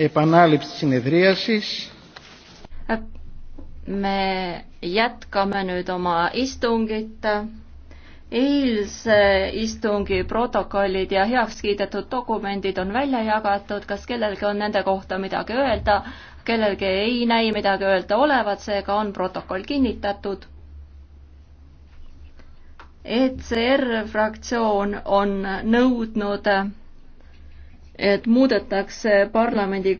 επανάληψη συνεδρίασης. Me jätkame nüüd oma istungit. Eilse istungi protokollid ja heaks kiidetud dokumendid on välja jagatud. Kas kellelgi on nende kohta midagi öelda? Kellelgi ei näi midagi öelda olevat, seega on protokoll kinnitatud. ECR fraktsioon on nõudnud et muudetakse parlamendi